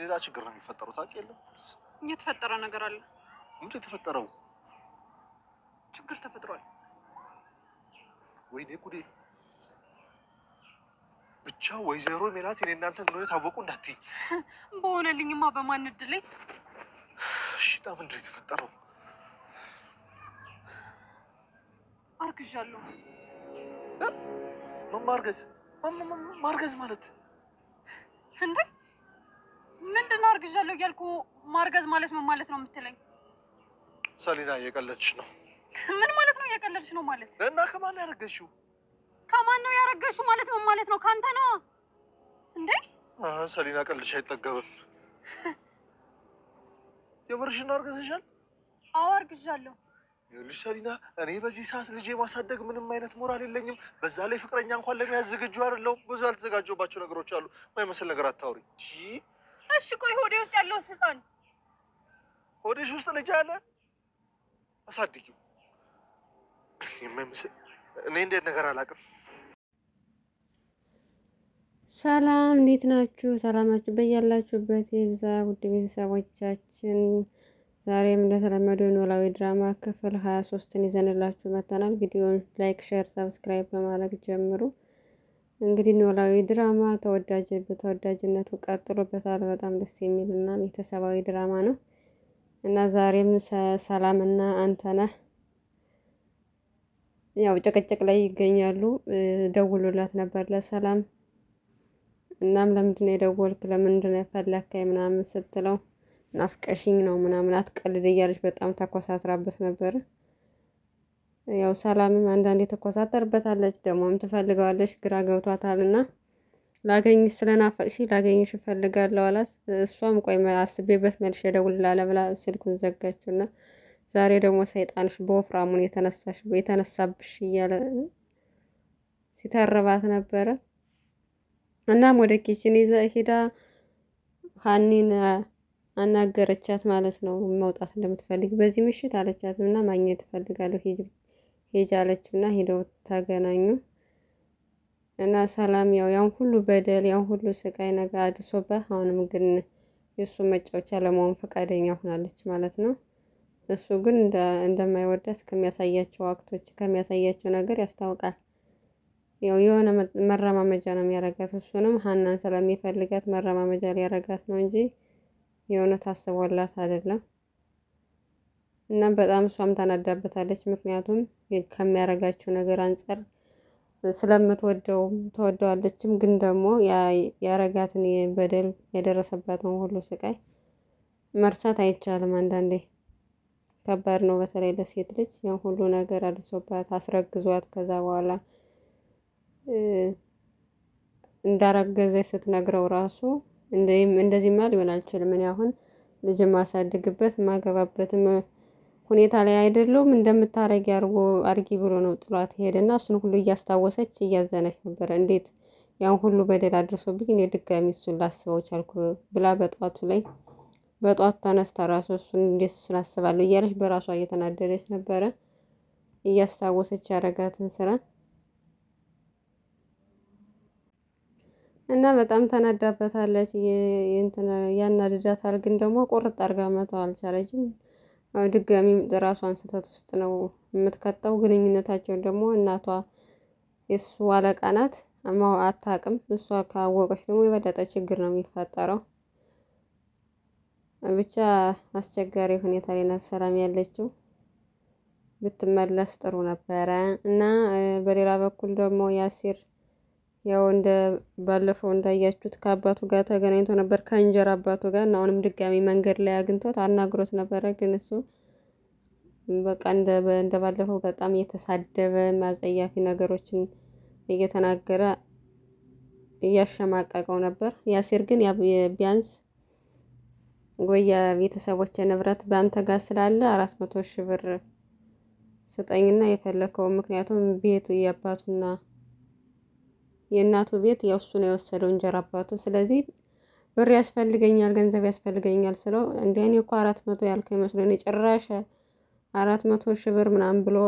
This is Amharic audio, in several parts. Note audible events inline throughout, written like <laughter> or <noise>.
ሌላ ችግር ነው የሚፈጠረው። ታውቂ የለም የተፈጠረ ነገር አለ። ምንድን የተፈጠረው? ችግር ተፈጥሯል። ወይኔ ጉዴ! ብቻ ወይዘሮ ሜላት እኔ እናንተ እንደሆነ ታወቁ እንዳትይ። በሆነልኝማ በማን እድል ላይ ሽጣ። ምንድን የተፈጠረው? አርግዣለሁ። ማርገዝ ማርገዝ ማለት እንዴ አርግዣለሁ እያልኩ ማርገዝ ማለት ምን ማለት ነው የምትለኝ? ሰሊና እየቀለድሽ ነው። ምን ማለት ነው እየቀለድሽ ነው ማለት? እና ከማን ነው ያረገሽው? ከማን ነው ያረገሽው ማለት ምን ማለት ነው? ከአንተ ነው እንዴ? ሰሊና ቀልድሽ አይጠገብም። <laughs> የምርሽን አርገዝሻል? አዎ አርግዣለሁ። ይኸውልሽ ሰሊና፣ እኔ በዚህ ሰዓት ልጄ ማሳደግ ምንም አይነት ሞራል የለኝም። በዛ ላይ ፍቅረኛ እንኳን ለመያዝ ዝግጁ አይደለሁም። ብዙ ያልተዘጋጀባቸው ነገሮች አሉ። ማይመስል ነገር አታውሪ። እሺ ቆይ ሆዴ ውስጥ ያለው ህፃን ሆዴሽ ውስጥ ልጅ አለ አሳድጊው። እኔ እንዴት ነገር አላውቅም። ሰላም እንዴት ናችሁ? ሰላማችሁ በያላችሁበት የብዛ ውድ ቤተሰቦቻችን ዛሬም እንደተለመደው ኖላዊ ድራማ ክፍል ሀያ ሶስትን ይዘንላችሁ መጥተናል። ቪዲዮን ላይክ፣ ሼር፣ ሰብስክራይብ በማድረግ ጀምሩ። እንግዲህ ኖላዊ ድራማ ተወዳጅ በተወዳጅነቱ ቀጥሎበታል። በጣም ደስ የሚል እና ቤተሰባዊ ድራማ ነው እና ዛሬም ሰላም እና አንተነህ ያው ጭቅጭቅ ላይ ይገኛሉ። ደውሎላት ነበር ለሰላም። እናም ለምንድነው የደወልክ? ለምንድነው የፈለከኝ? ምናምን ስትለው ናፍቀሽኝ ነው ምናምን አትቀልድ እያለች በጣም ተኮሳትራበት ነበር ያው ሰላምም አንዳንዴ ትኮሳተርበታለች፣ ደግሞም ትፈልገዋለች። ግራ ገብቷታል እና ላገኝሽ ስለናፈቅሽ ላገኝሽ እፈልጋለሁ አላት። እሷም ቆይ አስቤበት መልሼ እደውልልሻለሁ ብላ ስልኩን ዘጋችው እና ዛሬ ደግሞ ሰይጣንሽ በወፍራሙን የተነሳሽ የተነሳብሽ እያለ ሲተርባት ነበረ። እናም ወደ ኪችን ይዘ ሄዳ ሀኒን አናገረቻት ማለት ነው መውጣት እንደምትፈልግ በዚህ ምሽት አለቻት እና ማግኘት እፈልጋለሁ ሂጂ ሄጃለችና ሄደው ተገናኙ እና ሰላም ያው ያን ሁሉ በደል ያን ሁሉ ስቃይ ነገር አድሶበት አሁንም ግን የእሱ መጫወቻ ለመሆን ፈቃደኛ ሆናለች ማለት ነው። እሱ ግን እንደማይወዳት ከሚያሳያቸው አክቶች ከሚያሳያቸው ነገር ያስታውቃል። ያው የሆነ መረማመጃ ነው የሚያረጋት። እሱንም ሀናን ስለሚፈልጋት መረማመጃ ሊያረጋት ነው እንጂ የእውነት አስቦላት አይደለም። እናም በጣም እሷም ታናዳበታለች። ምክንያቱም ከሚያረጋቸው ነገር አንጻር ስለምትወደውም ትወደዋለችም፣ ግን ደግሞ ያረጋትን በደል የደረሰባትን ሁሉ ስቃይ መርሳት አይቻልም። አንዳንዴ ከባድ ነው፣ በተለይ ለሴት ልጅ ያን ሁሉ ነገር አድርሶባት አስረግዟት ከዛ በኋላ እንዳረገዘ ስትነግረው ራሱ ማል ሊሆን አልችልም እኔ አሁን ልጅ ማሳድግበት ማገባበትም ሁኔታ ላይ አይደለሁም እንደምታረጊ አርጎ አርጊ ብሎ ነው ጥሏት ሄደ ሄደና እሱን ሁሉ እያስታወሰች እያዘነች ነበረ። እንዴት ያን ሁሉ በደል አድርሶብኝ እኔ ድጋሚ እሱን ላስበው ቻልኩ ብላ በጧቱ ላይ በጧት ተነስታ ራሱ እሱን እንዴት እሱን አስባለሁ እያለች በራሷ እየተናደደች ነበረ እያስታወሰች ያረጋትን ስራ እና በጣም ተናዳበታለች። ያናድዳታል፣ ግን ደግሞ ቁርጥ አርጋ መተው አልቻለችም። ድጋሚ ራሷን ስህተት ውስጥ ነው የምትከተው። ግንኙነታቸውን ደግሞ እናቷ የእሱ አለቃ ናት፣ አታውቅም። እሷ ካወቀች ደግሞ የበለጠ ችግር ነው የሚፈጠረው። ብቻ አስቸጋሪ ሁኔታ ላይ ናት ሰላም ያለችው። ብትመለስ ጥሩ ነበረ እና በሌላ በኩል ደግሞ ያሲር ያው እንደ ባለፈው እንዳያችሁት ከአባቱ ጋር ተገናኝቶ ነበር ከእንጀራ አባቱ ጋር እና አሁንም ድጋሚ መንገድ ላይ አግኝቶት አናግሮት ነበረ። ግን እሱ በቃ እንደ ባለፈው በጣም እየተሳደበ ማጸያፊ ነገሮችን እየተናገረ እያሸማቀቀው ነበር። ያሲር ግን ቢያንስ ወይ የቤተሰቦች ንብረት በአንተ ጋር ስላለ አራት መቶ ሺህ ብር ስጠኝና የፈለከው ምክንያቱም ቤቱ የአባቱና የእናቱ ቤት ያው እሱ ነው የወሰደው እንጀራ አባቱ። ስለዚህ ብር ያስፈልገኛል ገንዘብ ያስፈልገኛል ስለው እንደ እኔ እኮ አራት መቶ ያልከው ይመስለን የጭራሽ አራት መቶ ሺህ ብር ምናምን ብሎ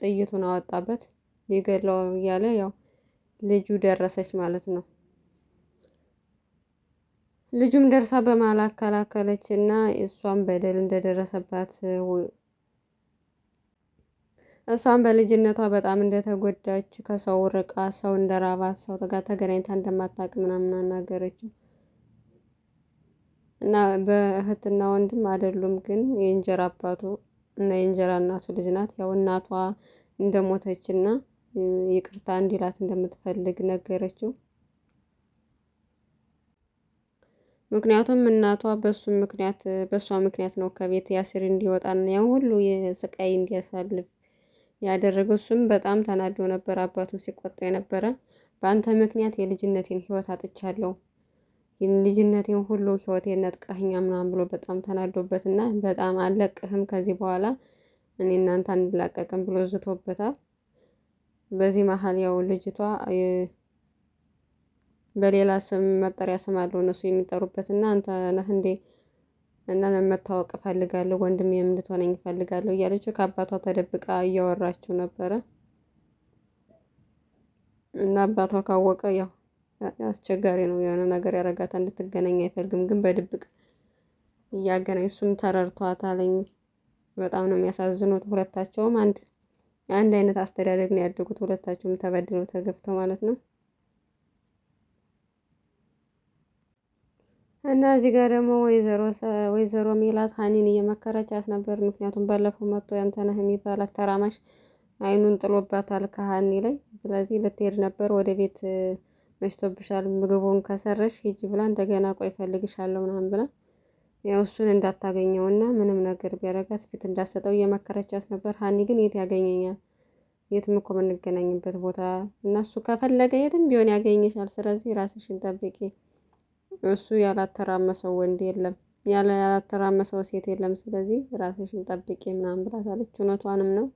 ጥይቱን አወጣበት ሊገለው እያለ ያው ልጁ ደረሰች ማለት ነው። ልጁም ደርሳ በማላከላከለች እና እሷም በደል እንደደረሰባት እሷም በልጅነቷ በጣም እንደተጎዳች ከሰው ርቃ ሰው እንደራባት ሰው ጋር ተገናኝታ እንደማታውቅ ምናምን አናገረችው። እና በእህትና ወንድም አይደሉም፣ ግን የእንጀራ አባቱ እና የእንጀራ እናቱ ልጅ ናት። ያው እናቷ እንደሞተች እና ይቅርታ እንዲላት እንደምትፈልግ ነገረችው። ምክንያቱም እናቷ በሱ ምክንያት በእሷ ምክንያት ነው ከቤት ያሲር እንዲወጣና ያው ሁሉ ስቃይ እንዲያሳልፍ ያደረገው እሱም በጣም ተናዶ ነበር። አባቱም ሲቆጣ የነበረ በአንተ ምክንያት የልጅነቴን ህይወት አጥቻለሁ፣ ልጅነቴን ሁሉ ህይወቴን ነጥቀኸኝ ምናምን ብሎ በጣም ተናዶበት እና በጣም አለቅህም ከዚህ በኋላ እኔ እናንተ አንላቀቅም ብሎ ዝቶበታል። በዚህ መሀል ያው ልጅቷ በሌላ ስም መጠሪያ ስም አለው እነሱ የሚጠሩበት እና አንተ ነህ እንዴ እና መታወቅ እፈልጋለሁ ወንድም የምንትሆነኝ እፈልጋለሁ እያለች ከአባቷ ተደብቃ እያወራችው ነበረ። እና አባቷ ካወቀ ያው አስቸጋሪ ነው፣ የሆነ ነገር ያረጋታ እንድትገናኝ አይፈልግም። ግን በድብቅ እያገናኝ እሱም ተረድቷታለኝ። በጣም ነው የሚያሳዝኑት። ሁለታቸውም አንድ አንድ አይነት አስተዳደግ ነው ያደጉት። ሁለታቸውም ተበድለው ተገፍተው ማለት ነው። እና እዚህ ጋር ደግሞ ወይዘሮ ወይዘሮ ሜላት ሀኒን እየመከረቻት ነበር። ምክንያቱም ባለፈው መጥቶ ያንተነህ የሚባል አተራማሽ አይኑን ጥሎባታል ከሀኒ ላይ። ስለዚህ ልትሄድ ነበር ወደ ቤት መሽቶብሻል፣ ምግቡን ከሰረሽ ሂጂ ብላ እንደገና ቆይ ፈልግሻለሁ ምናምን ብላ ያው እሱን እንዳታገኘውና ምንም ነገር ቢያረጋት ፊት እንዳሰጠው እየመከረቻት ነበር። ሀኒ ግን የት ያገኘኛል? የትም እኮ የምንገናኝበት ቦታ እና እሱ ከፈለገ የትም ቢሆን ያገኘሻል። ስለዚህ ራስሽን ጠብቄ እሱ ያላተራመሰው ወንድ የለም፣ ያለ ያላተራመሰው ሴት የለም። ስለዚህ ራስሽን ጠብቂ ምናምን ብላታለች። እውነቷንም ነው።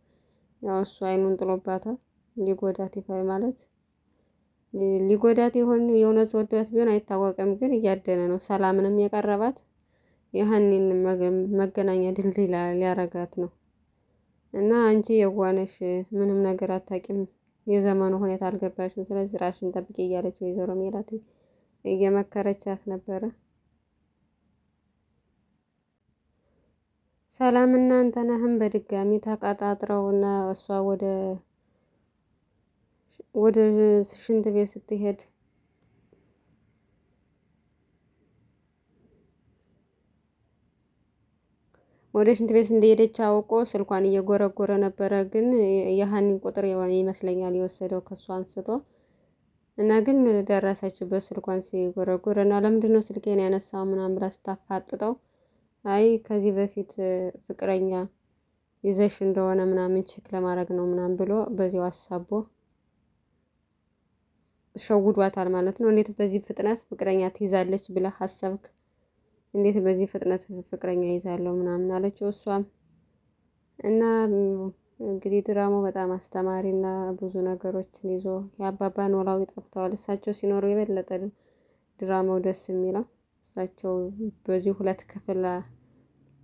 ያው እሱ አይኑን ጥሎባታል። ሊጎዳት ይፋይ ማለት ሊጎዳት የሆን የእውነት ወዳት ቢሆን አይታወቅም፣ ግን እያደነ ነው። ሰላምንም የቀረባት የሀኒን መገናኛ ድልድይ ሊያረጋት ነው። እና አንቺ የዋነሽ ምንም ነገር አታቂም፣ የዘመኑ ሁኔታ አልገባሽም። ስለዚህ ራሽን ጠብቂ እያለች ወይዘሮ ሜላት እየመከረቻት ነበረ። ሰላም እንተነህም በድጋሚ ተቀጣጥረው እና እሷ ወደ ወደ ሽንት ቤት ስትሄድ ወደ ሽንት ቤት እንደሄደች አውቆ ስልኳን እየጎረጎረ ነበረ። ግን የሀኒን ቁጥር ይመስለኛል የወሰደው ከእሷ አንስቶ እና ግን ደረሰችበት ስልኳን ሲጎረጉር እና ለምንድነው ስልኬን ያነሳው ምናምን ብላ ስታፋጥጠው አይ ከዚህ በፊት ፍቅረኛ ይዘሽ እንደሆነ ምናምን ቼክ ለማድረግ ነው ምናምን ብሎ በዚያው አሳቦ ሸውዷታል ማለት ነው። እንዴት በዚህ ፍጥነት ፍቅረኛ ትይዛለች ብለህ ሀሰብክ? እንዴት በዚህ ፍጥነት ፍቅረኛ ይዛለሁ ምናምን አለችው እሷም እና እንግዲህ ድራማው በጣም አስተማሪ እና ብዙ ነገሮችን ይዞ የአባባ ኖላዊ ጠፍተዋል። እሳቸው ሲኖሩ የበለጠ ድራማው ደስ የሚለው እሳቸው በዚህ ሁለት ክፍል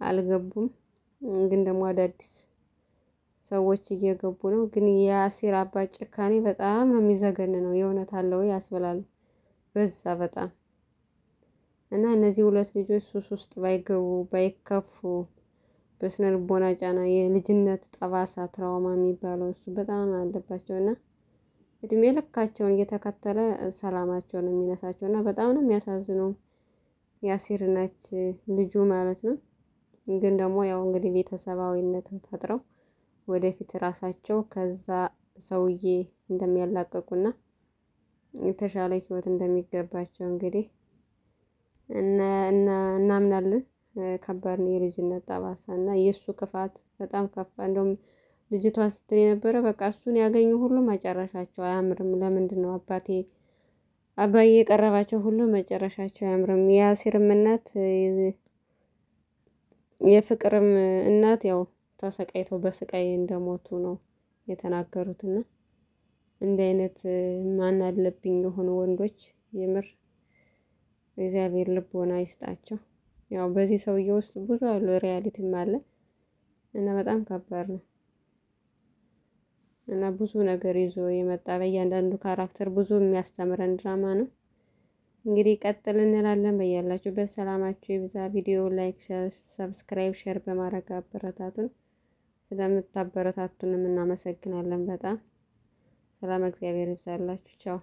አልገቡም፣ ግን ደግሞ አዳዲስ ሰዎች እየገቡ ነው። ግን የአሲር አባ ጭካኔ በጣም ነው የሚዘገን ነው የእውነት አለው ያስበላል። በዛ በጣም እና እነዚህ ሁለት ልጆች ሱስ ውስጥ ባይገቡ ባይከፉ በስነ ልቦና ጫና የልጅነት ጠባሳ ትራውማ የሚባለው እሱ በጣም አለባቸው እና እድሜ ልካቸውን እየተከተለ ሰላማቸውን የሚነሳቸው እና በጣም ነው የሚያሳዝኑ የአሲር ነች ልጁ ማለት ነው። ግን ደግሞ ያው እንግዲህ ቤተሰባዊነትን ፈጥረው ወደፊት ራሳቸው ከዛ ሰውዬ እንደሚያላቅቁና የተሻለ ህይወት እንደሚገባቸው እንግዲህ እና እናምናለን ከባድ ነው የልጅነት ጠባሳ እና የእሱ ክፋት በጣም ከፋ። እንደውም ልጅቷ ስትል የነበረ በቃ እሱን ያገኙ ሁሉ መጨረሻቸው አያምርም። ለምንድን ነው አባቴ አባዬ የቀረባቸው ሁሉ መጨረሻቸው አያምርም። የአሲርም እናት የፍቅርም እናት ያው ተሰቃይተው በስቃይ እንደሞቱ ነው የተናገሩትና እንዲህ አይነት ማን አለብኝ የሆኑ ወንዶች የምር እግዚአብሔር ልቦና ይስጣቸው። ያው በዚህ ሰውዬ ውስጥ ብዙ አሉ፣ ሪያሊቲም አለ እና በጣም ከባድ ነው እና ብዙ ነገር ይዞ የመጣ በእያንዳንዱ ካራክተር ብዙ የሚያስተምረን ድራማ ነው። እንግዲህ ቀጥል እንላለን። በያላችሁበት ሰላማችሁ ይብዛ። ቪዲዮ ላይክ፣ ሰብስክራይብ፣ ሼር በማድረግ አበረታቱን። ስለምታበረታቱንም እናመሰግናለን። በጣም ሰላም እግዚአብሔር ይብዛላችሁ። ቻው